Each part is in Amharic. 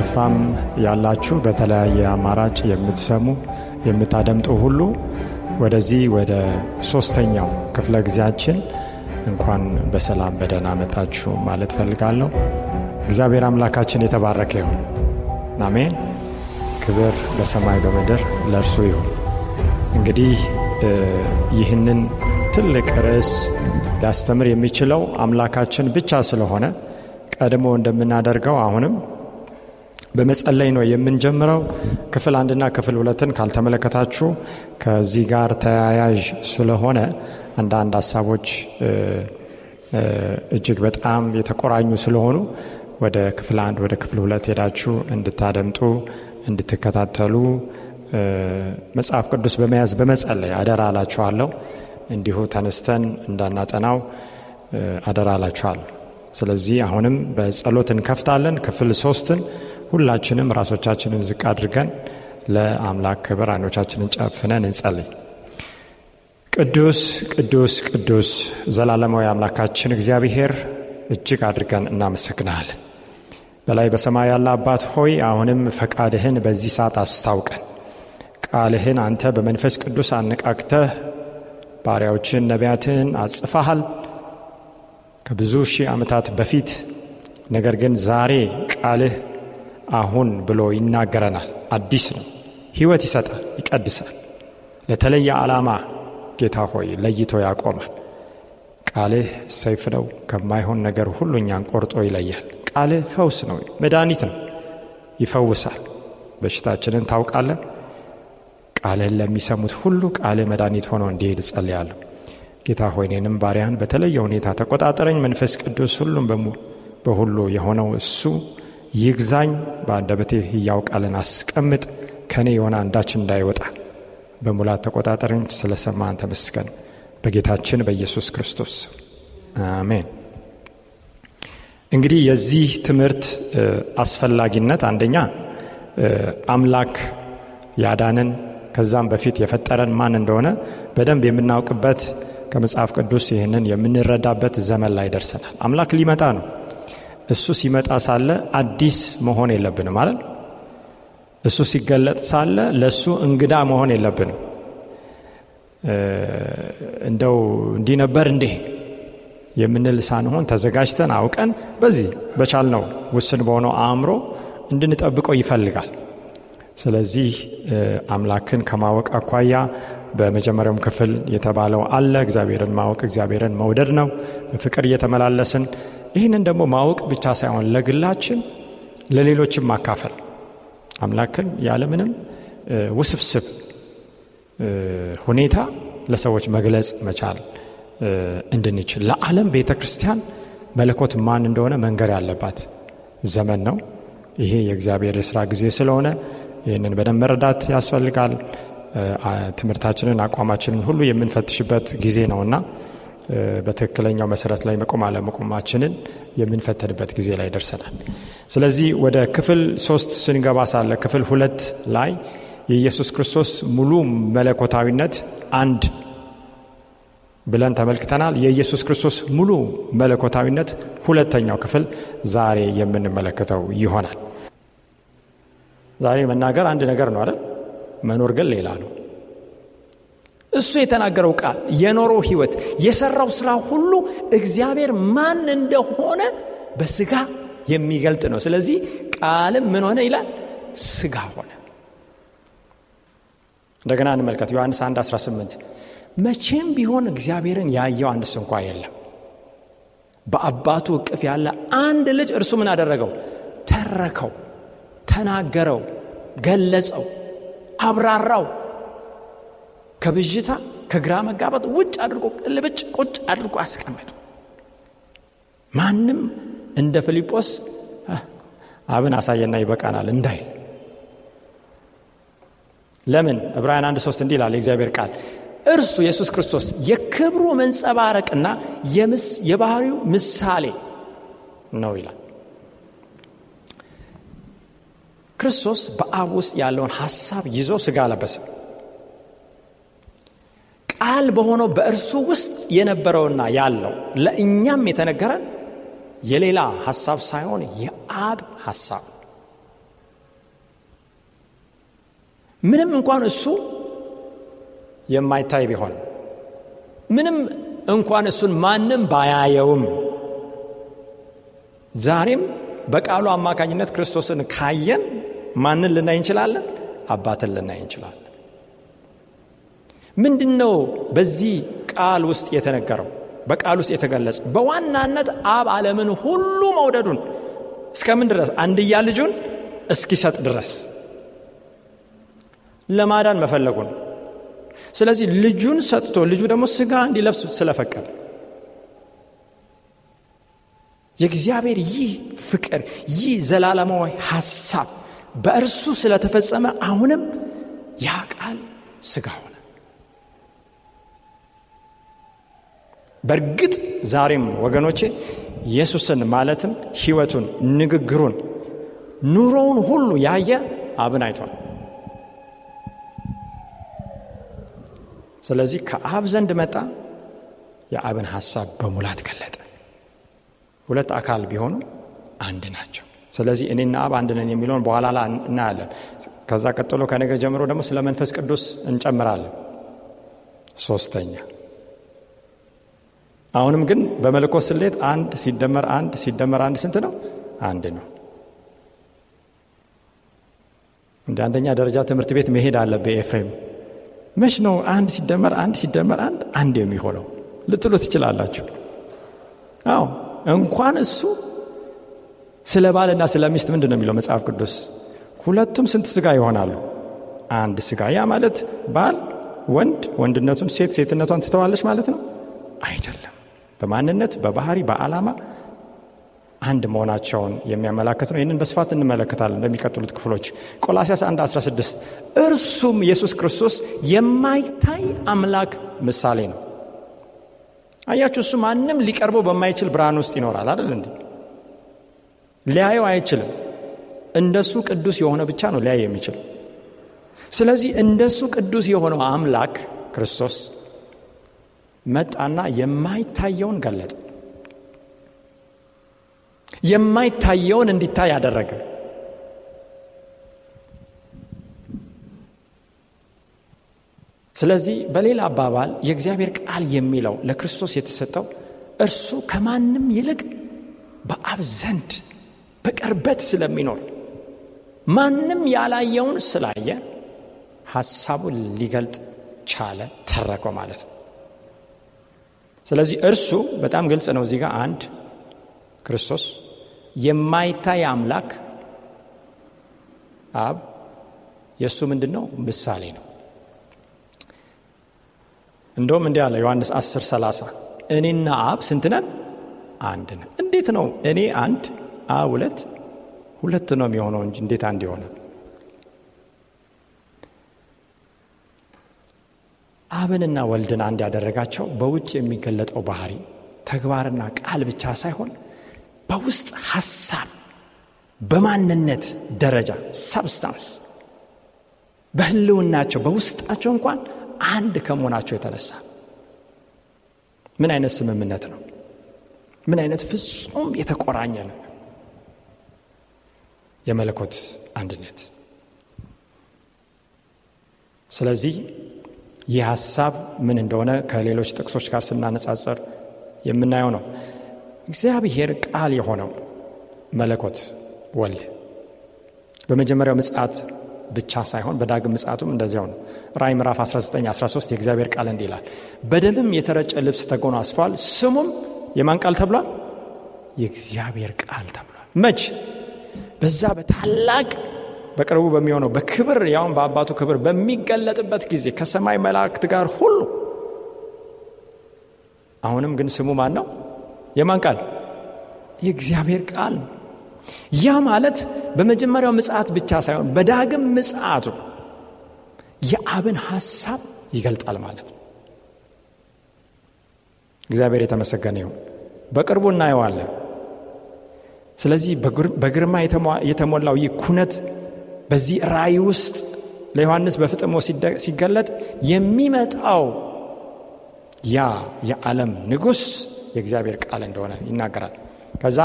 ሽፋም ያላችሁ በተለያየ አማራጭ የምትሰሙ የምታደምጡ ሁሉ ወደዚህ ወደ ሶስተኛው ክፍለ ጊዜያችን እንኳን በሰላም በደህና መጣችሁ ማለት ፈልጋለሁ። እግዚአብሔር አምላካችን የተባረከ ይሁን። አሜን። ክብር በሰማይ በምድር ለእርሱ ይሁን። እንግዲህ ይህንን ትልቅ ርዕስ ሊያስተምር የሚችለው አምላካችን ብቻ ስለሆነ ቀድሞ እንደምናደርገው አሁንም በመጸለይ ነው የምንጀምረው። ክፍል አንድና ክፍል ሁለትን ካልተመለከታችሁ ከዚህ ጋር ተያያዥ ስለሆነ አንዳንድ ሀሳቦች እጅግ በጣም የተቆራኙ ስለሆኑ ወደ ክፍል አንድ ወደ ክፍል ሁለት ሄዳችሁ እንድታደምጡ እንድትከታተሉ መጽሐፍ ቅዱስ በመያዝ በመጸለይ አደራ አላችኋለሁ። እንዲሁ ተነስተን እንዳናጠናው አደራ አላችኋል። ስለዚህ አሁንም በጸሎት እንከፍታለን ክፍል ሶስትን ሁላችንም ራሶቻችንን ዝቅ አድርገን ለአምላክ ክብር አይኖቻችንን ጨፍነን እንጸልይ። ቅዱስ ቅዱስ ቅዱስ ዘላለማዊ አምላካችን እግዚአብሔር እጅግ አድርገን እናመሰግናለን። በላይ በሰማይ ያለ አባት ሆይ አሁንም ፈቃድህን በዚህ ሰዓት አስታውቀን። ቃልህን አንተ በመንፈስ ቅዱስ አነቃክተህ ባሪያዎችን ነቢያትህን አጽፋሃል ከብዙ ሺህ ዓመታት በፊት ነገር ግን ዛሬ ቃልህ አሁን ብሎ ይናገረናል። አዲስ ነው። ሕይወት ይሰጣል፣ ይቀድሳል። ለተለየ ዓላማ ጌታ ሆይ ለይቶ ያቆማል። ቃልህ ሰይፍ ነው፣ ከማይሆን ነገር ሁሉ እኛን ቆርጦ ይለያል። ቃልህ ፈውስ ነው፣ መድኃኒት ነው፣ ይፈውሳል። በሽታችንን ታውቃለን። ቃልህን ለሚሰሙት ሁሉ ቃልህ መድኃኒት ሆኖ እንዲሄድ ጸልያለሁ ጌታ ሆይ እኔንም በተለየ ሁኔታ ተቆጣጠረኝ። መንፈስ ቅዱስ ሁሉም በሁሉ የሆነው እሱ ይግዛኝ በአንደበቴ ሕያው ቃልን አስቀምጥ ከእኔ የሆነ አንዳች እንዳይወጣ በሙላት ተቆጣጠርን። ስለ ሰማን ተመስገን። በጌታችን በኢየሱስ ክርስቶስ አሜን። እንግዲህ የዚህ ትምህርት አስፈላጊነት አንደኛ አምላክ ያዳንን ከዛም በፊት የፈጠረን ማን እንደሆነ በደንብ የምናውቅበት ከመጽሐፍ ቅዱስ ይህንን የምንረዳበት ዘመን ላይ ደርሰናል። አምላክ ሊመጣ ነው። እሱ ሲመጣ ሳለ አዲስ መሆን የለብንም አይደል? እሱ ሲገለጥ ሳለ ለእሱ እንግዳ መሆን የለብንም። እንደው እንዲህ ነበር እንዴ የምንል ሳንሆን ተዘጋጅተን አውቀን በዚህ በቻልነው ውስን በሆነው አእምሮ እንድንጠብቀው ይፈልጋል። ስለዚህ አምላክን ከማወቅ አኳያ በመጀመሪያውም ክፍል የተባለው አለ። እግዚአብሔርን ማወቅ እግዚአብሔርን መውደድ ነው። በፍቅር እየተመላለስን ይህንን ደግሞ ማወቅ ብቻ ሳይሆን ለግላችን ለሌሎችም ማካፈል አምላክን ያለምንም ውስብስብ ሁኔታ ለሰዎች መግለጽ መቻል እንድንችል ለዓለም ቤተ ክርስቲያን መለኮት ማን እንደሆነ መንገር ያለባት ዘመን ነው። ይሄ የእግዚአብሔር የስራ ጊዜ ስለሆነ ይህንን በደንብ መረዳት ያስፈልጋል። ትምህርታችንን አቋማችንን ሁሉ የምንፈትሽበት ጊዜ ነውና በትክክለኛው መሰረት ላይ መቆም አለመቆማችንን የምንፈተንበት ጊዜ ላይ ደርሰናል። ስለዚህ ወደ ክፍል ሶስት ስንገባ ሳለ ክፍል ሁለት ላይ የኢየሱስ ክርስቶስ ሙሉ መለኮታዊነት አንድ ብለን ተመልክተናል። የኢየሱስ ክርስቶስ ሙሉ መለኮታዊነት ሁለተኛው ክፍል ዛሬ የምንመለከተው ይሆናል። ዛሬ መናገር አንድ ነገር ነው አይደል? መኖር ግን ሌላ ነው። እሱ የተናገረው ቃል የኖረው ህይወት የሰራው ስራ ሁሉ እግዚአብሔር ማን እንደሆነ በስጋ የሚገልጥ ነው ስለዚህ ቃልም ምን ሆነ ይላል ስጋ ሆነ እንደገና እንመልከት ዮሐንስ 1 18 መቼም ቢሆን እግዚአብሔርን ያየው አንድ ስንኳ የለም በአባቱ እቅፍ ያለ አንድ ልጅ እርሱ ምን አደረገው ተረከው ተናገረው ገለጸው አብራራው ከብዥታ ከግራ መጋባት ውጭ አድርጎ ቅልብጭ ቁጭ አድርጎ አስቀመጡ ማንም እንደ ፊልጶስ አብን አሳየና ይበቃናል እንዳይል ለምን ዕብራያን አንድ ሶስት እንዲህ ይላል የእግዚአብሔር ቃል እርሱ ኢየሱስ ክርስቶስ የክብሩ መንጸባረቅና የባህሪው ምሳሌ ነው ይላል ክርስቶስ በአብ ውስጥ ያለውን ሀሳብ ይዞ ስጋ ለበሰ ቃል በሆነው በእርሱ ውስጥ የነበረውና ያለው ለእኛም የተነገረን የሌላ ሐሳብ ሳይሆን የአብ ሐሳብ ምንም እንኳን እሱ የማይታይ ቢሆን ምንም እንኳን እሱን ማንም ባያየውም ዛሬም በቃሉ አማካኝነት ክርስቶስን ካየን ማንን ልናይ እንችላለን? አባትን ልናይ እንችላለን። ምንድን ነው በዚህ ቃል ውስጥ የተነገረው በቃል ውስጥ የተገለጸው በዋናነት አብ ዓለምን ሁሉ መውደዱን እስከምን ድረስ አንድያ ልጁን እስኪሰጥ ድረስ ለማዳን መፈለጉ ነው ስለዚህ ልጁን ሰጥቶ ልጁ ደግሞ ስጋ እንዲለብስ ስለፈቀደ የእግዚአብሔር ይህ ፍቅር ይህ ዘላለማዊ ሐሳብ በእርሱ ስለተፈጸመ አሁንም ያ ቃል ስጋ በእርግጥ ዛሬም ወገኖቼ ኢየሱስን ማለትም ሕይወቱን፣ ንግግሩን፣ ኑሮውን ሁሉ ያየ አብን አይቷል። ስለዚህ ከአብ ዘንድ መጣ፣ የአብን ሀሳብ በሙላት ገለጠ። ሁለት አካል ቢሆኑ አንድ ናቸው። ስለዚህ እኔና አብ አንድ ነን የሚለውን በኋላ ላ እናያለን። ከዛ ቀጥሎ ከነገ ጀምሮ ደግሞ ስለ መንፈስ ቅዱስ እንጨምራለን። ሶስተኛ አሁንም ግን በመለኮት ስሌት አንድ ሲደመር አንድ ሲደመር አንድ ስንት ነው? አንድ ነው። እንደ አንደኛ ደረጃ ትምህርት ቤት መሄድ አለብህ ኤፍሬም። መች ነው አንድ ሲደመር አንድ ሲደመር አንድ አንድ የሚሆነው ልትሉ ትችላላችሁ። አዎ እንኳን እሱ ስለ ባልና ስለ ሚስት ምንድን ነው የሚለው መጽሐፍ ቅዱስ? ሁለቱም ስንት ስጋ ይሆናሉ? አንድ ስጋ። ያ ማለት ባል ወንድ ወንድነቱን፣ ሴት ሴትነቷን ትተዋለች ማለት ነው አይደለም። በማንነት በባህሪ በዓላማ አንድ መሆናቸውን የሚያመላክት ነው። ይህንን በስፋት እንመለከታለን በሚቀጥሉት ክፍሎች። ቆላሲያስ 1 16 እርሱም ኢየሱስ ክርስቶስ የማይታይ አምላክ ምሳሌ ነው። አያችሁ፣ እሱ ማንም ሊቀርበው በማይችል ብርሃን ውስጥ ይኖራል አይደል እንዴ? ሊያየው አይችልም። እንደሱ ቅዱስ የሆነ ብቻ ነው ሊያይ የሚችል። ስለዚህ እንደሱ ቅዱስ የሆነው አምላክ ክርስቶስ መጣና የማይታየውን ገለጠ። የማይታየውን እንዲታይ አደረገ። ስለዚህ በሌላ አባባል የእግዚአብሔር ቃል የሚለው ለክርስቶስ የተሰጠው እርሱ ከማንም ይልቅ በአብ ዘንድ በቅርበት ስለሚኖር ማንም ያላየውን ስላየ ሐሳቡን ሊገልጥ ቻለ፣ ተረከው ማለት ነው። ስለዚህ እርሱ በጣም ግልጽ ነው። እዚህ ጋር አንድ ክርስቶስ የማይታይ አምላክ አብ የእሱ ምንድን ነው ምሳሌ ነው። እንደውም እንዲህ አለ ዮሐንስ 10 30 እኔና አብ ስንትነን አንድ ነን። እንዴት ነው እኔ አንድ አብ ሁለት ሁለት ነው የሚሆነው እንጂ እንዴት አንድ ይሆናል? አብንና ወልድን አንድ ያደረጋቸው በውጭ የሚገለጠው ባህሪ ተግባርና ቃል ብቻ ሳይሆን በውስጥ ሐሳብ፣ በማንነት ደረጃ ሰብስታንስ፣ በህልውናቸው በውስጣቸው እንኳን አንድ ከመሆናቸው የተነሳ ምን አይነት ስምምነት ነው? ምን አይነት ፍጹም የተቆራኘ ነው የመለኮት አንድነት። ስለዚህ ይህ ሀሳብ ምን እንደሆነ ከሌሎች ጥቅሶች ጋር ስናነጻጸር የምናየው ነው። እግዚአብሔር ቃል የሆነው መለኮት ወልድ በመጀመሪያው ምጽት ብቻ ሳይሆን በዳግም ምጽቱም እንደዚያው ነው። ራይ ምዕራፍ 1913 የእግዚአብሔር ቃል እንዲ ይላል፣ በደምም የተረጨ ልብስ ተጎኖ አስፏል። ስሙም የማን ቃል ተብሏል? የእግዚአብሔር ቃል ተብሏል። መች በዛ በታላቅ በቅርቡ በሚሆነው በክብር ያውም በአባቱ ክብር በሚገለጥበት ጊዜ ከሰማይ መላእክት ጋር ሁሉ አሁንም ግን ስሙ ማን ነው? የማን ቃል? የእግዚአብሔር ቃል። ያ ማለት በመጀመሪያው ምጽአት ብቻ ሳይሆን በዳግም ምጽአቱ የአብን ሐሳብ ይገልጣል ማለት ነው። እግዚአብሔር የተመሰገነ ይሁን። በቅርቡ እናየዋለን። ስለዚህ በግርማ የተሞላው ይህ ኩነት በዚህ ራእይ ውስጥ ለዮሐንስ በፍጥሞ ሲገለጥ የሚመጣው ያ የዓለም ንጉሥ የእግዚአብሔር ቃል እንደሆነ ይናገራል። ከዛ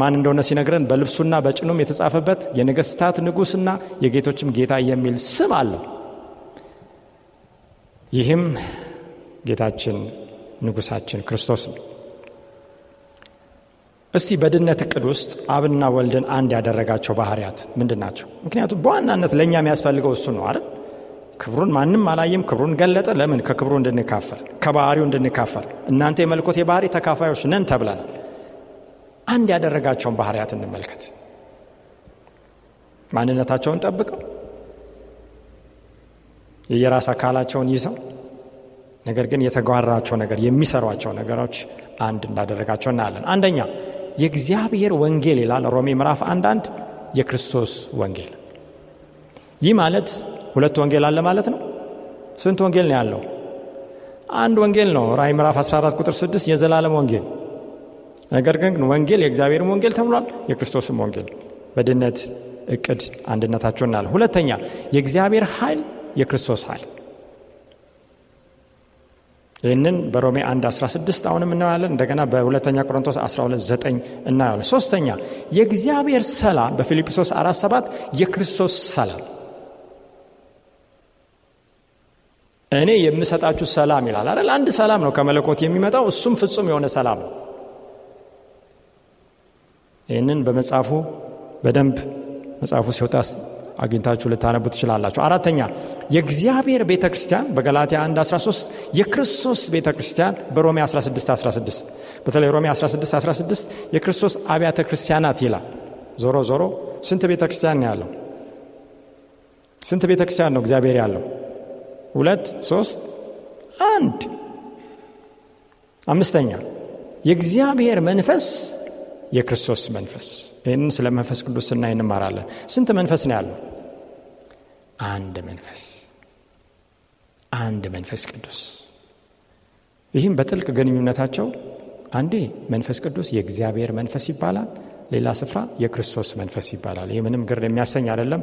ማን እንደሆነ ሲነግረን በልብሱና በጭኑም የተጻፈበት የነገስታት ንጉሥና የጌቶችም ጌታ የሚል ስም አለው። ይህም ጌታችን ንጉሳችን ክርስቶስ ነው። እስቲ በድነት እቅድ ውስጥ አብና ወልድን አንድ ያደረጋቸው ባህርያት ምንድን ናቸው? ምክንያቱም በዋናነት ለእኛ የሚያስፈልገው እሱ ነው አይደል? ክብሩን ማንም አላየም፣ ክብሩን ገለጠ። ለምን? ከክብሩ እንድንካፈል፣ ከባህሪው እንድንካፈል። እናንተ የመልኮት የባህሪ ተካፋዮች ነን ተብለናል። አንድ ያደረጋቸውን ባህርያት እንመልከት። ማንነታቸውን ጠብቀው የየራስ አካላቸውን ይዘው ነገር ግን የተጓራቸው ነገር የሚሰሯቸው ነገሮች አንድ እንዳደረጋቸው እናያለን። አንደኛ የእግዚአብሔር ወንጌል ይላል ሮሜ ምዕራፍ አንዳንድ የክርስቶስ ወንጌል ይህ ማለት ሁለት ወንጌል አለ ማለት ነው ስንት ወንጌል ነው ያለው አንድ ወንጌል ነው ራይ ምዕራፍ 14 ቁጥር 6 የዘላለም ወንጌል ነገር ግን ወንጌል የእግዚአብሔርም ወንጌል ተብሏል የክርስቶስም ወንጌል በድነት እቅድ አንድነታቸው እናለ ሁለተኛ የእግዚአብሔር ኃይል የክርስቶስ ኃይል ይህንን በሮሜ 1 16 አሁንም እናያለን። እንደገና በሁለተኛ ቆሮንቶስ 129 9 ሶስተኛ የእግዚአብሔር ሰላም በፊልጵሶስ 4 የክርስቶስ ሰላም እኔ የምሰጣችሁ ሰላም ይላል አይደል? አንድ ሰላም ነው ከመለኮት የሚመጣው እሱም ፍጹም የሆነ ሰላም ነው። ይህንን በመጽሐፉ በደንብ መጽሐፉ ሲወጣ አግኝታችሁ ልታነቡ ትችላላችሁ። አራተኛ የእግዚአብሔር ቤተ ክርስቲያን በገላትያ 1 13 የክርስቶስ ቤተ ክርስቲያን በሮሜ 16 16 በተለይ ሮሜ 16 16 የክርስቶስ አብያተ ክርስቲያናት ይላል። ዞሮ ዞሮ ስንት ቤተ ክርስቲያን ነው ያለው? ስንት ቤተ ክርስቲያን ነው እግዚአብሔር ያለው? ሁለት፣ ሶስት፣ አንድ። አምስተኛ የእግዚአብሔር መንፈስ የክርስቶስ መንፈስ ይህንን ስለ መንፈስ ቅዱስ ስናይ እንማራለን። ስንት መንፈስ ነው ያለው? አንድ መንፈስ፣ አንድ መንፈስ ቅዱስ። ይህም በጥልቅ ግንኙነታቸው አንዴ መንፈስ ቅዱስ የእግዚአብሔር መንፈስ ይባላል፣ ሌላ ስፍራ የክርስቶስ መንፈስ ይባላል። ይህ ምንም ግር የሚያሰኝ አይደለም።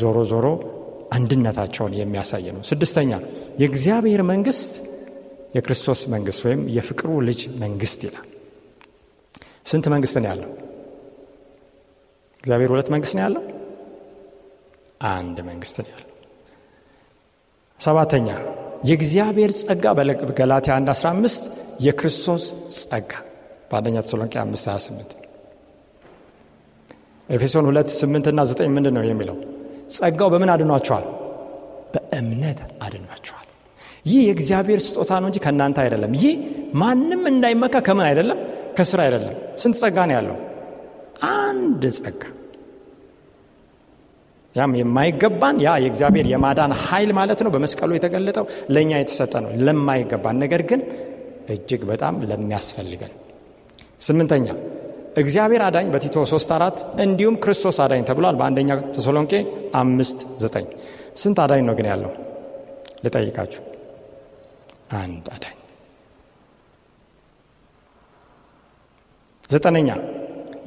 ዞሮ ዞሮ አንድነታቸውን የሚያሳይ ነው። ስድስተኛ የእግዚአብሔር መንግስት የክርስቶስ መንግስት ወይም የፍቅሩ ልጅ መንግስት ይላል። ስንት መንግስት ነው ያለው? እግዚአብሔር ሁለት መንግስት ነው ያለው? አንድ መንግስት ነው ያለው። ሰባተኛ የእግዚአብሔር ጸጋ በገላትያ 1 15 የክርስቶስ ጸጋ በአንደኛ ተሰሎንቄ 5 28 ኤፌሶን 2 8 እና 9 ምንድን ነው የሚለው? ጸጋው በምን አድኗቸዋል? በእምነት አድኗቸዋል። ይህ የእግዚአብሔር ስጦታ ነው እንጂ ከእናንተ አይደለም። ይህ ማንም እንዳይመካ ከምን አይደለም? ከስራ አይደለም። ስንት ጸጋ ነው ያለው? አንድ ጸጋ ያም የማይገባን ያ የእግዚአብሔር የማዳን ኃይል ማለት ነው በመስቀሉ የተገለጠው ለእኛ የተሰጠ ነው ለማይገባን ነገር ግን እጅግ በጣም ለሚያስፈልገን ስምንተኛ እግዚአብሔር አዳኝ በቲቶ 3 አራት እንዲሁም ክርስቶስ አዳኝ ተብሏል በአንደኛ ተሰሎንቄ አምስት ዘጠኝ ስንት አዳኝ ነው ግን ያለው ልጠይቃችሁ አንድ አዳኝ ዘጠነኛ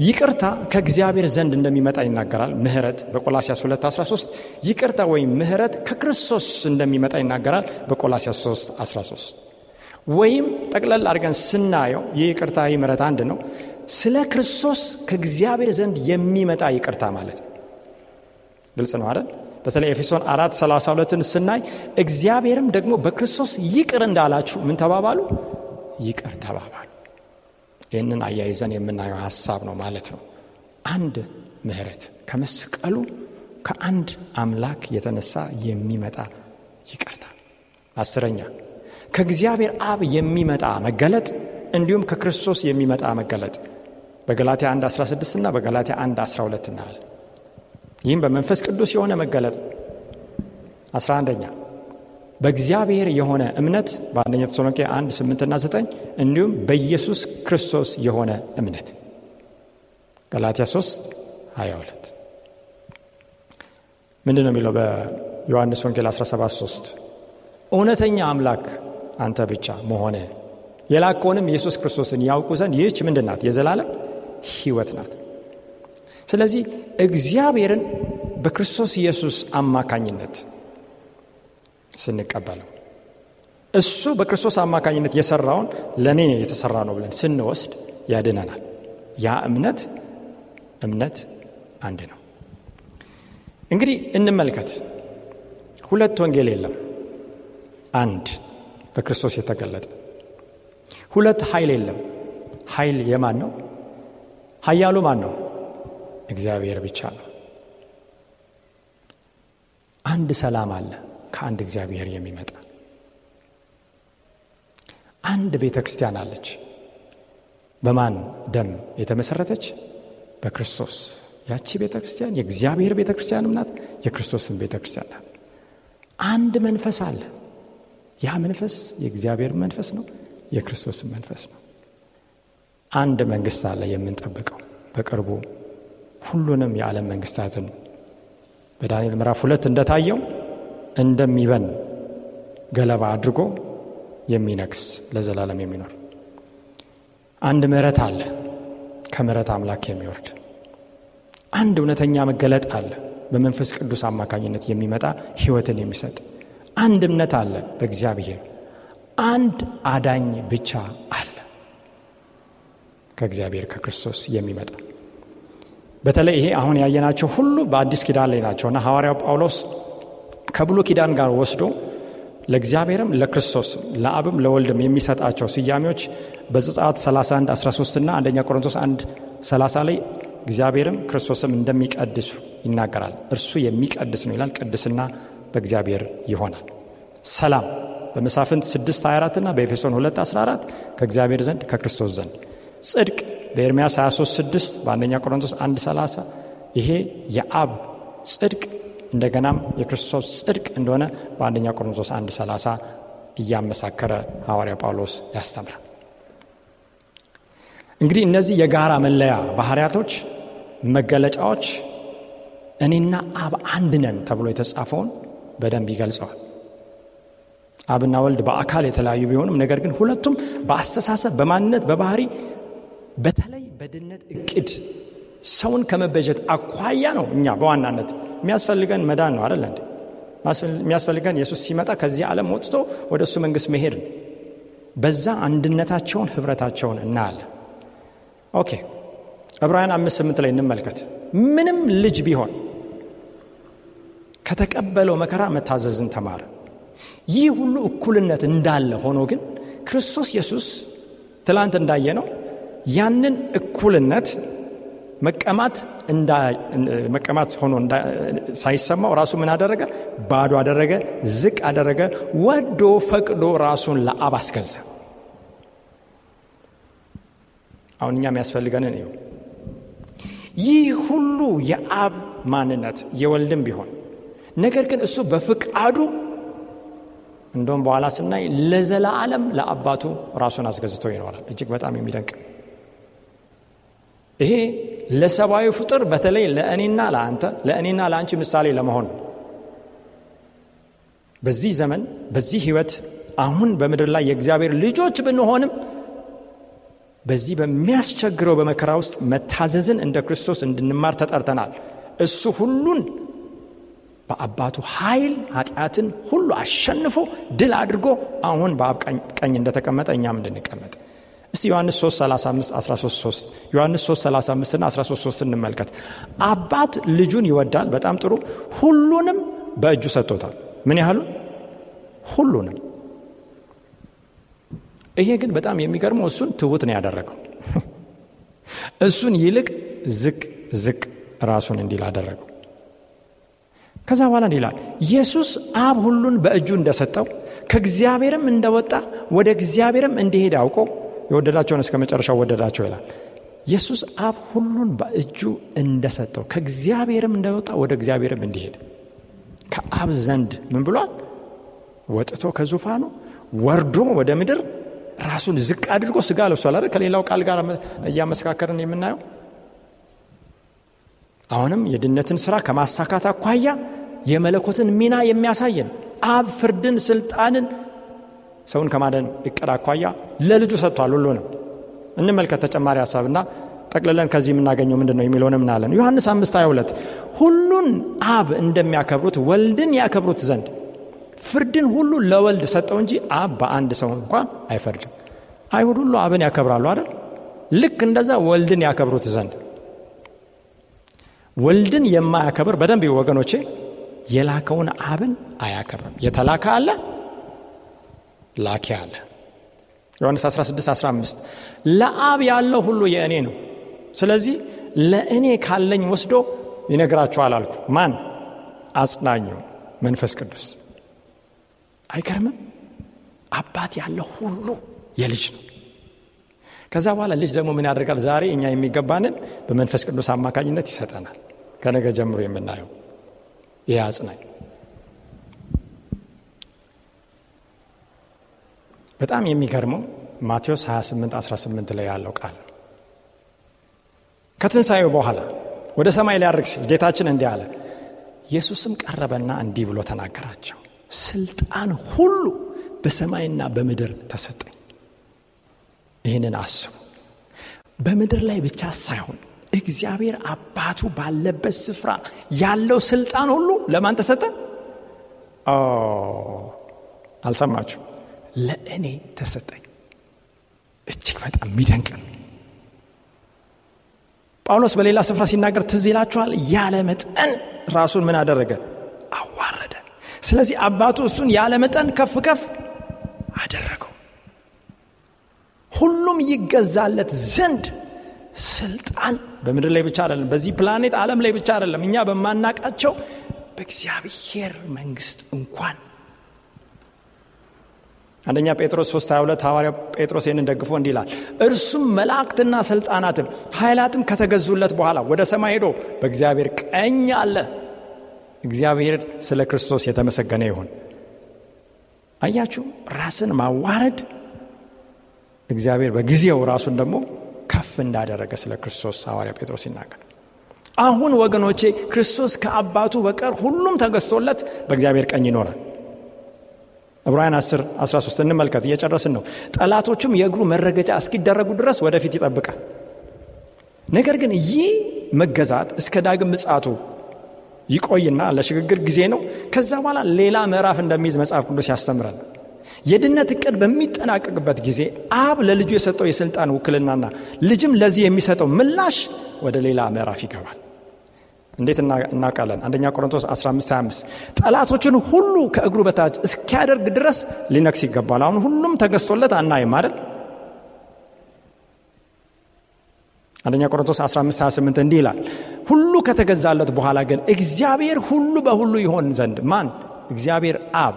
ይቅርታ ከእግዚአብሔር ዘንድ እንደሚመጣ ይናገራል። ምህረት በቆላሲያስ 213 ይቅርታ ወይም ምህረት ከክርስቶስ እንደሚመጣ ይናገራል። በቆላሲያስ 3 13 ወይም ጠቅለል አድርገን ስናየው ይቅርታ ይህ ምህረት አንድ ነው። ስለ ክርስቶስ ከእግዚአብሔር ዘንድ የሚመጣ ይቅርታ ማለት ነው። ግልጽ ነው አይደል? በተለይ ኤፌሶን 4 32ን ስናይ እግዚአብሔርም ደግሞ በክርስቶስ ይቅር እንዳላችሁ ምን ተባባሉ? ይቅር ተባባሉ። ይህንን አያይዘን የምናየው ሀሳብ ነው ማለት ነው። አንድ ምህረት ከመስቀሉ ከአንድ አምላክ የተነሳ የሚመጣ ይቅርታል። አስረኛ ከእግዚአብሔር አብ የሚመጣ መገለጥ እንዲሁም ከክርስቶስ የሚመጣ መገለጥ በገላትያ 1 16 እና በገላትያ 1 12 እናያለን። ይህም በመንፈስ ቅዱስ የሆነ መገለጥ 11ኛ በእግዚአብሔር የሆነ እምነት በአንደኛ ተሰሎንቄ 8 ና ዘጠኝ እንዲሁም በኢየሱስ ክርስቶስ የሆነ እምነት ገላትያ 3 22 ምንድ ነው የሚለው በዮሐንስ ወንጌል 17 3 እውነተኛ አምላክ አንተ ብቻ መሆነ የላከውንም ኢየሱስ ክርስቶስን ያውቁ ዘንድ ይህች ምንድን ናት? የዘላለም ሕይወት ናት። ስለዚህ እግዚአብሔርን በክርስቶስ ኢየሱስ አማካኝነት ስንቀበለው እሱ በክርስቶስ አማካኝነት የሰራውን ለእኔ የተሰራ ነው ብለን ስንወስድ ያድነናል። ያ እምነት እምነት አንድ ነው። እንግዲህ እንመልከት። ሁለት ወንጌል የለም፣ አንድ በክርስቶስ የተገለጠ። ሁለት ኃይል የለም። ኃይል የማን ነው? ሀያሉ ማን ነው? እግዚአብሔር ብቻ ነው። አንድ ሰላም አለ። ከአንድ እግዚአብሔር የሚመጣ አንድ ቤተ ክርስቲያን አለች። በማን ደም የተመሰረተች? በክርስቶስ። ያቺ ቤተ ክርስቲያን የእግዚአብሔር ቤተ ክርስቲያንም ናት፣ የክርስቶስን ቤተ ክርስቲያን ናት። አንድ መንፈስ አለ። ያ መንፈስ የእግዚአብሔር መንፈስ ነው፣ የክርስቶስን መንፈስ ነው። አንድ መንግስት አለ የምንጠብቀው በቅርቡ ሁሉንም የዓለም መንግስታትን በዳንኤል ምዕራፍ ሁለት እንደታየው እንደሚበን ገለባ አድርጎ የሚነግስ ለዘላለም የሚኖር አንድ ምረት አለ ከምረት አምላክ የሚወርድ አንድ እውነተኛ መገለጥ አለ በመንፈስ ቅዱስ አማካኝነት የሚመጣ ህይወትን የሚሰጥ አንድ እምነት አለ በእግዚአብሔር አንድ አዳኝ ብቻ አለ ከእግዚአብሔር ከክርስቶስ የሚመጣ በተለይ ይሄ አሁን ያየናቸው ሁሉ በአዲስ ኪዳን ላይ ናቸውና ሐዋርያው ጳውሎስ ከብሎ ኪዳን ጋር ወስዶ ለእግዚአብሔርም ለክርስቶስም ለአብም ለወልድም የሚሰጣቸው ስያሜዎች በዘጸአት 31 13 ና አንደኛ ቆሮንቶስ 1 30 ላይ እግዚአብሔርም ክርስቶስም እንደሚቀድሱ ይናገራል። እርሱ የሚቀድስ ነው ይላል። ቅድስና በእግዚአብሔር ይሆናል። ሰላም በመሳፍንት 6 24 ና በኤፌሶን 2 14 ከእግዚአብሔር ዘንድ ከክርስቶስ ዘንድ ጽድቅ በኤርምያስ 23 6 በአንደኛ ቆሮንቶስ 1 30 ይሄ የአብ ጽድቅ እንደገናም የክርስቶስ ጽድቅ እንደሆነ በአንደኛ ቆሮንቶስ አንድ ሰላሳ እያመሳከረ ሐዋርያ ጳውሎስ ያስተምራል። እንግዲህ እነዚህ የጋራ መለያ ባህርያቶች፣ መገለጫዎች እኔና አብ አንድ ነን ተብሎ የተጻፈውን በደንብ ይገልጸዋል። አብና ወልድ በአካል የተለያዩ ቢሆንም ነገር ግን ሁለቱም በአስተሳሰብ፣ በማንነት፣ በባህሪ በተለይ በድነት እቅድ ሰውን ከመበጀት አኳያ ነው እኛ በዋናነት የሚያስፈልገን መዳን ነው አደለ እንዴ የሚያስፈልገን ኢየሱስ ሲመጣ ከዚህ ዓለም ወጥቶ ወደ እሱ መንግስት መሄድ ነው በዛ አንድነታቸውን ህብረታቸውን እናያለን ኦኬ ዕብራውያን አምስት ስምንት ላይ እንመልከት ምንም ልጅ ቢሆን ከተቀበለው መከራ መታዘዝን ተማረ ይህ ሁሉ እኩልነት እንዳለ ሆኖ ግን ክርስቶስ ኢየሱስ ትላንት እንዳየ ነው ያንን እኩልነት መቀማት መቀማት ሆኖ ሳይሰማው ራሱ ምን አደረገ? ባዶ አደረገ፣ ዝቅ አደረገ። ወዶ ፈቅዶ ራሱን ለአብ አስገዛ። አሁን እኛ የሚያስፈልገንን ይኸው ይህ ሁሉ የአብ ማንነት የወልድም ቢሆን ነገር ግን እሱ በፍቃዱ እንደውም በኋላ ስናይ ለዘላለም ለአባቱ ራሱን አስገዝቶ ይኖራል። እጅግ በጣም የሚደንቅ ይሄ ለሰብአዊ ፍጡር በተለይ ለእኔና ለአንተ ለእኔና ለአንቺ ምሳሌ ለመሆን በዚህ ዘመን በዚህ ህይወት አሁን በምድር ላይ የእግዚአብሔር ልጆች ብንሆንም በዚህ በሚያስቸግረው በመከራ ውስጥ መታዘዝን እንደ ክርስቶስ እንድንማር ተጠርተናል። እሱ ሁሉን በአባቱ ኃይል ኃጢአትን ሁሉ አሸንፎ ድል አድርጎ አሁን በአብ ቀኝ እንደተቀመጠ እኛም እንድንቀመጥ እስቲ ዮሐንስ 3 13 ዮሐንስ 3 35 ና 13 3 እንመልከት አባት ልጁን ይወዳል በጣም ጥሩ ሁሉንም በእጁ ሰጥቶታል ምን ያህሉ ሁሉንም ይሄ ግን በጣም የሚገርመው እሱን ትውት ነው ያደረገው እሱን ይልቅ ዝቅ ዝቅ ራሱን እንዲል አደረገው ከዛ በኋላ ይላል ኢየሱስ አብ ሁሉን በእጁ እንደሰጠው ከእግዚአብሔርም እንደወጣ ወደ እግዚአብሔርም እንደሄደ አውቆ የወደዳቸውን እስከ መጨረሻው ወደዳቸው ይላል። ኢየሱስ አብ ሁሉን በእጁ እንደሰጠው ከእግዚአብሔርም እንደወጣ ወደ እግዚአብሔርም እንዲሄድ ከአብ ዘንድ ምን ብሏል? ወጥቶ ከዙፋኑ ወርዶ ወደ ምድር ራሱን ዝቅ አድርጎ ስጋ ለብሷል አይደል? ከሌላው ቃል ጋር እያመሰካከርን የምናየው አሁንም የድነትን ስራ ከማሳካት አኳያ የመለኮትን ሚና የሚያሳየን አብ ፍርድን፣ ስልጣንን ሰውን ከማደን እቅድ አኳያ ለልጁ ሰጥቷል። ሁሉንም እንመልከት ተጨማሪ ሀሳብና ጠቅልለን ከዚህ የምናገኘው ምንድን ነው የሚለውን ምናለን። ዮሐንስ አምስት ሁለት ሁሉን አብ እንደሚያከብሩት ወልድን ያከብሩት ዘንድ ፍርድን ሁሉ ለወልድ ሰጠው እንጂ አብ በአንድ ሰው እንኳን አይፈርድም። አይሁድ ሁሉ አብን ያከብራሉ አይደል? ልክ እንደዛ ወልድን ያከብሩት ዘንድ ወልድን የማያከብር በደንብ ወገኖቼ የላከውን አብን አያከብርም። የተላከ አለ ላኪ አለ ዮሐንስ 16 15 ለአብ ያለው ሁሉ የእኔ ነው ስለዚህ ለእኔ ካለኝ ወስዶ ይነግራችኋል አልኩ ማን አጽናኙ መንፈስ ቅዱስ አይገርምም አባት ያለው ሁሉ የልጅ ነው ከዛ በኋላ ልጅ ደግሞ ምን ያደርጋል ዛሬ እኛ የሚገባንን በመንፈስ ቅዱስ አማካኝነት ይሰጠናል ከነገ ጀምሮ የምናየው ይህ አጽናኝ በጣም የሚገርመው ማቴዎስ 28 18 ላይ ያለው ቃል ከትንሣኤው በኋላ ወደ ሰማይ ሊያርግ ሲል ጌታችን እንዲህ አለ። ኢየሱስም ቀረበና እንዲህ ብሎ ተናገራቸው፣ ስልጣን ሁሉ በሰማይና በምድር ተሰጠኝ። ይህንን አስቡ። በምድር ላይ ብቻ ሳይሆን እግዚአብሔር አባቱ ባለበት ስፍራ ያለው ስልጣን ሁሉ ለማን ተሰጠ? አልሰማችሁ? ለእኔ ተሰጠኝ። እጅግ በጣም የሚደንቅ ነው። ጳውሎስ በሌላ ስፍራ ሲናገር ትዝ ይላችኋል፣ ያለ መጠን ራሱን ምን አደረገ? አዋረደ። ስለዚህ አባቱ እሱን ያለ መጠን ከፍ ከፍ አደረገው። ሁሉም ይገዛለት ዘንድ ስልጣን በምድር ላይ ብቻ አይደለም፣ በዚህ ፕላኔት ዓለም ላይ ብቻ አይደለም፣ እኛ በማናቃቸው በእግዚአብሔር መንግስት እንኳን አንደኛ ጴጥሮስ 3 22 ሐዋርያ ጴጥሮስ ይህንን ደግፎ እንዲህ ይላል እርሱም መላእክትና ስልጣናትም ኃይላትም ከተገዙለት በኋላ ወደ ሰማይ ሄዶ በእግዚአብሔር ቀኝ አለ እግዚአብሔር ስለ ክርስቶስ የተመሰገነ ይሁን አያችሁ ራስን ማዋረድ እግዚአብሔር በጊዜው ራሱን ደግሞ ከፍ እንዳደረገ ስለ ክርስቶስ ሐዋርያ ጴጥሮስ ይናገር አሁን ወገኖቼ ክርስቶስ ከአባቱ በቀር ሁሉም ተገዝቶለት በእግዚአብሔር ቀኝ ይኖራል ዕብራውያን 10 13 እንመልከት፣ እየጨረስን ነው። ጠላቶቹም የእግሩ መረገጫ እስኪደረጉ ድረስ ወደፊት ይጠብቃል። ነገር ግን ይህ መገዛት እስከ ዳግም ምጽአቱ ይቆይና ለሽግግር ጊዜ ነው። ከዛ በኋላ ሌላ ምዕራፍ እንደሚይዝ መጽሐፍ ቅዱስ ያስተምራል። የድነት እቅድ በሚጠናቀቅበት ጊዜ አብ ለልጁ የሰጠው የስልጣን ውክልናና ልጅም ለዚህ የሚሰጠው ምላሽ ወደ ሌላ ምዕራፍ ይገባል። እንዴት እናውቃለን? አንደኛ ቆሮንቶስ 1525 ጠላቶችን ሁሉ ከእግሩ በታች እስኪያደርግ ድረስ ሊነክስ ይገባል። አሁን ሁሉም ተገዝቶለት አናይም አይደል? አንደኛ ቆሮንቶስ 1528 እንዲህ ይላል፣ ሁሉ ከተገዛለት በኋላ ግን እግዚአብሔር ሁሉ በሁሉ ይሆን ዘንድ ማን? እግዚአብሔር አብ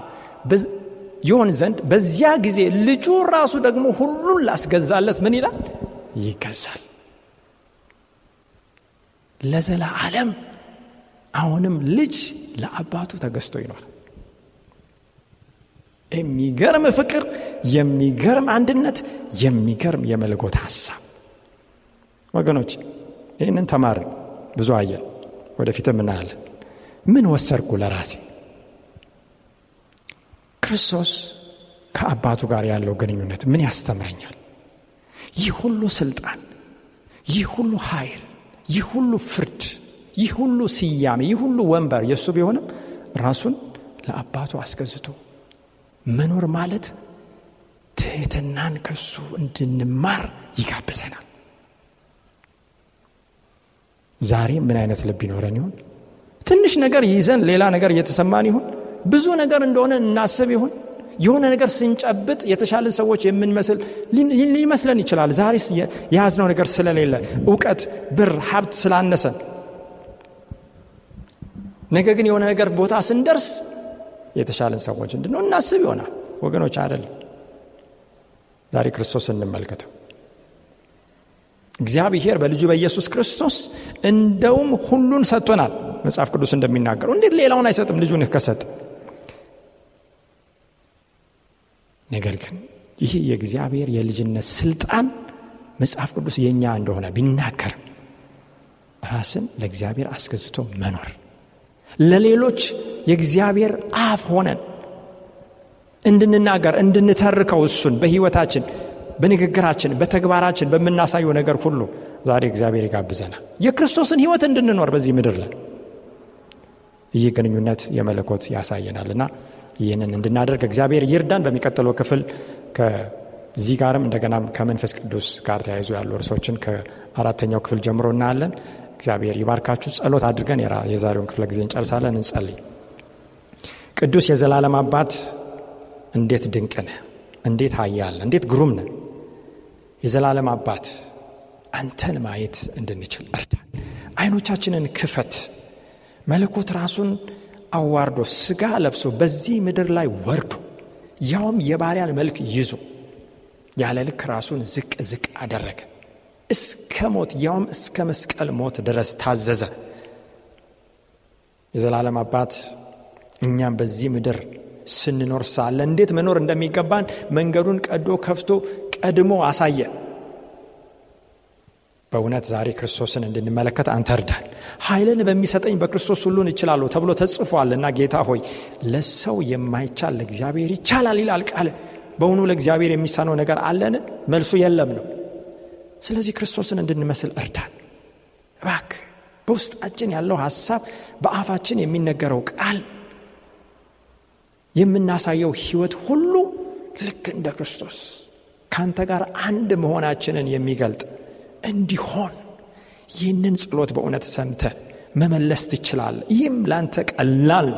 ይሆን ዘንድ በዚያ ጊዜ ልጁ ራሱ ደግሞ ሁሉን ላስገዛለት ምን ይላል? ይገዛል ለዘላ ዓለም አሁንም ልጅ ለአባቱ ተገዝቶ ይኖራል። የሚገርም ፍቅር፣ የሚገርም አንድነት፣ የሚገርም የመልጎት ሀሳብ ወገኖች፣ ይህንን ተማርን፣ ብዙ አየን፣ ወደፊትም እናያለን። ምን ወሰድኩ ለራሴ? ክርስቶስ ከአባቱ ጋር ያለው ግንኙነት ምን ያስተምረኛል? ይህ ሁሉ ስልጣን፣ ይህ ሁሉ ኃይል፣ ይህ ሁሉ ፍርድ ይህ ሁሉ ስያሜ ይህ ሁሉ ወንበር የእሱ ቢሆንም ራሱን ለአባቱ አስገዝቶ መኖር ማለት ትህትናን ከሱ እንድንማር ይጋብዘናል። ዛሬ ምን አይነት ልብ ይኖረን ይሆን? ትንሽ ነገር ይዘን ሌላ ነገር እየተሰማን ይሆን? ብዙ ነገር እንደሆነ እናስብ ይሆን? የሆነ ነገር ስንጨብጥ የተሻለን ሰዎች የምንመስል ሊመስለን ይችላል። ዛሬ የያዝነው ነገር ስለሌለ፣ እውቀት፣ ብር፣ ሀብት ስላነሰን ነገ ግን የሆነ ነገር ቦታ ስንደርስ የተሻለን ሰዎች እንድንሆን እናስብ ይሆናል። ወገኖች አይደለም። ዛሬ ክርስቶስ እንመልከተው። እግዚአብሔር በልጁ በኢየሱስ ክርስቶስ እንደውም ሁሉን ሰጥቶናል። መጽሐፍ ቅዱስ እንደሚናገረው እንዴት ሌላውን አይሰጥም? ልጁን ከሰጥ ነገር ግን ይህ የእግዚአብሔር የልጅነት ስልጣን መጽሐፍ ቅዱስ የእኛ እንደሆነ ቢናገርም ራስን ለእግዚአብሔር አስገዝቶ መኖር ለሌሎች የእግዚአብሔር አፍ ሆነን እንድንናገር እንድንተርከው እሱን በህይወታችን በንግግራችን በተግባራችን በምናሳየው ነገር ሁሉ ዛሬ እግዚአብሔር ይጋብዘናል የክርስቶስን ህይወት እንድንኖር በዚህ ምድር ላይ ይህ ግንኙነት የመለኮት ያሳየናልና ይህንን እንድናደርግ እግዚአብሔር ይርዳን በሚቀጥለው ክፍል ከዚህ ጋርም እንደገናም ከመንፈስ ቅዱስ ጋር ተያይዞ ያሉ እርሶችን ከአራተኛው ክፍል ጀምሮ እናያለን እግዚአብሔር ይባርካችሁ። ጸሎት አድርገን የዛሬውን ክፍለ ጊዜ እንጨርሳለን። እንጸልይ። ቅዱስ የዘላለም አባት እንዴት ድንቅ እንዴት ኃያል፣ እንዴት ግሩም ነህ! የዘላለም አባት አንተን ማየት እንድንችል እርዳ አይኖቻችንን ክፈት። መለኮት ራሱን አዋርዶ ስጋ ለብሶ በዚህ ምድር ላይ ወርዶ ያውም የባሪያን መልክ ይዞ ያለ ልክ ራሱን ዝቅ ዝቅ አደረገ። እስከ ሞት ያውም እስከ መስቀል ሞት ድረስ ታዘዘ የዘላለም አባት እኛም በዚህ ምድር ስንኖር ሳለ እንዴት መኖር እንደሚገባን መንገዱን ቀዶ ከፍቶ ቀድሞ አሳየ በእውነት ዛሬ ክርስቶስን እንድንመለከት አንተርዳል ኃይልን በሚሰጠኝ በክርስቶስ ሁሉን እችላለሁ ተብሎ ተጽፏልና ጌታ ሆይ ለሰው የማይቻል ለእግዚአብሔር ይቻላል ይላል ቃል በእውኑ ለእግዚአብሔር የሚሳነው ነገር አለን መልሱ የለም ነው ስለዚህ ክርስቶስን እንድንመስል እርዳን እባክ በውስጣችን ያለው ሐሳብ በአፋችን የሚነገረው ቃል የምናሳየው ህይወት ሁሉ ልክ እንደ ክርስቶስ ካንተ ጋር አንድ መሆናችንን የሚገልጥ እንዲሆን ይህንን ጸሎት በእውነት ሰምተ መመለስ ትችላል ይህም ላንተ ቀላል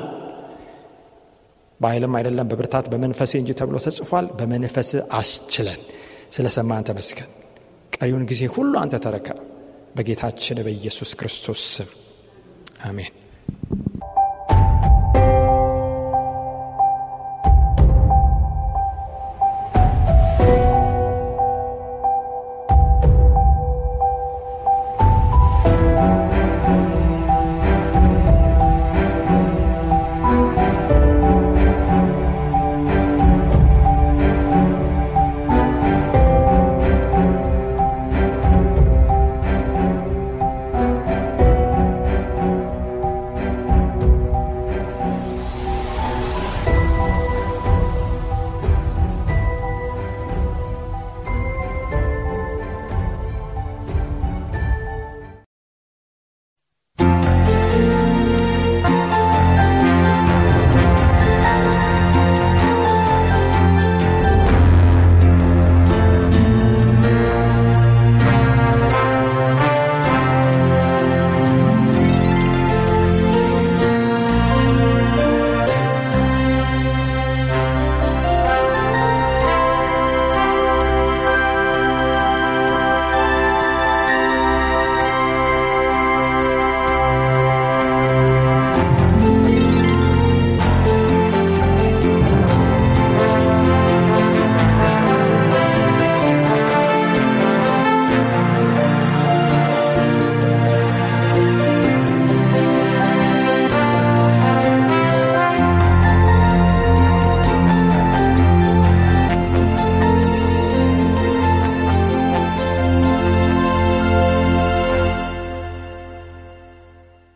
በኃይልም አይደለም በብርታት በመንፈሴ እንጂ ተብሎ ተጽፏል በመንፈስ አስችለን ስለ ሰማን ተመስገን ቀሪውን ጊዜ ሁሉ አንተ ተረከብ። በጌታችን በኢየሱስ ክርስቶስ ስም አሜን።